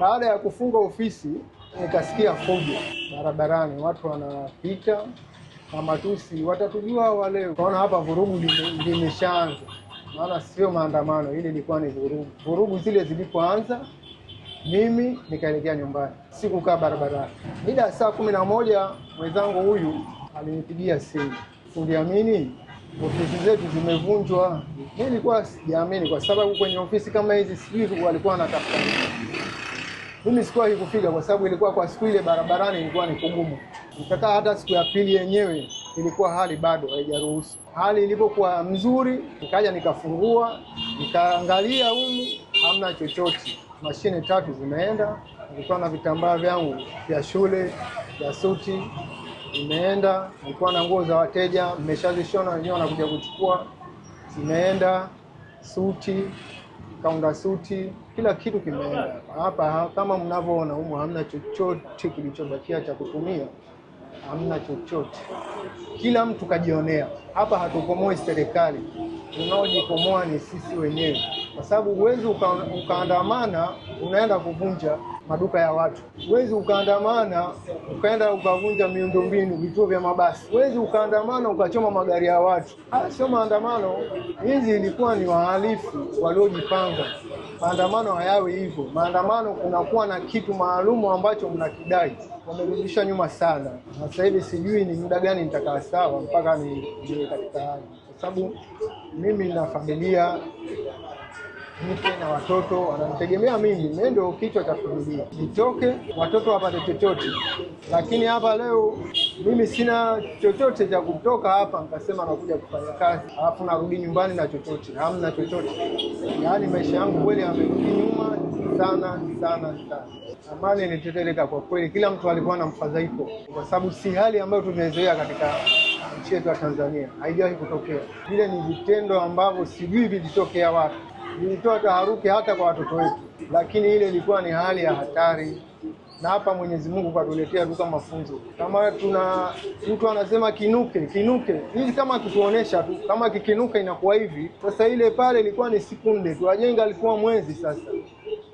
Baada ya kufunga ofisi, nikasikia fujo barabarani, watu wanapita na matusi, watatujua wale. Unaona hapa vurugu limeshaanza, maana sio maandamano, ile ilikuwa ni vurugu. Vurugu zile zilipoanza, mimi nikaelekea nyumbani, sikukaa barabarani. Mida ya saa kumi na moja mwenzangu huyu alinipigia simu, uliamini ofisi zetu zimevunjwa. Mimi nilikuwa sijaamini, kwa sababu kwenye ofisi kama hizi sijui walikuwa wanatafuta mimi sikuwahi kufika kwa sababu ilikuwa kwa siku ile barabarani ilikuwa ni kugumu. Nikakaa hata siku ya pili yenyewe ilikuwa hali bado haijaruhusu. Hali ilipokuwa mzuri, nikaja nikafungua, nikaangalia humu hamna chochote. Mashine tatu zimeenda, nilikuwa na vitambaa vyangu vya shule vya suti Imeenda, mlikuwa na nguo za wateja mmeshazishona wenyewe, wanakuja kuchukua. Zimeenda suti, kaunda suti, kila kitu kimeenda. Hapa kama mnavyoona humu hamna chochote kilichobakia cha kutumia, hamna chochote. Kila mtu kajionea. Hapa hatukomoi serikali, tunaojikomoa ni sisi wenyewe, kwa sababu huwezi ukaandamana unaenda kuvunja maduka ya watu. Huwezi ukaandamana ukaenda ukavunja miundombinu, vituo vya mabasi. Huwezi ukaandamana ukachoma magari ya watu. Haya ah, sio maandamano, hizi ilikuwa ni wahalifu waliojipanga. Maandamano hayawe hivyo. Maandamano kunakuwa na kitu maalumu ambacho mnakidai. Wamerudisha nyuma sana, na sasa hivi sijui ni muda gani nitakaa sawa mpaka ni, hali, kwa sababu mimi na familia mke na watoto wanamtegemea mimi, mimi ndio kichwa cha familia, nitoke watoto wapate chochote. Lakini hapa leo mimi sina chochote cha kutoka hapa nikasema nakuja kufanya kazi alafu narudi nyumbani na chochote, hamna chochote. Yaani maisha yangu kweli yamerudi nyuma sana sana sana. Amani ilitetereka kwa kweli, kila mtu alikuwa na mfadhaiko, kwa sababu si hali ambayo tumezoea katika nchi yetu ya Tanzania, haijawahi kutokea. Vile ni vitendo ambavyo sijui vilitokea wapi nitoa taharuki hata kwa watoto wetu, lakini ile ilikuwa ni hali ya hatari, na hapa Mwenyezi Mungu katuletea tu kama mafunzo. Kama tuna mtu anasema kinuke kinuke, hili kama kituonesha tu kama kikinuka inakuwa hivi. Sasa ile pale ilikuwa ni sekunde tu, ajenga alikuwa mwezi sasa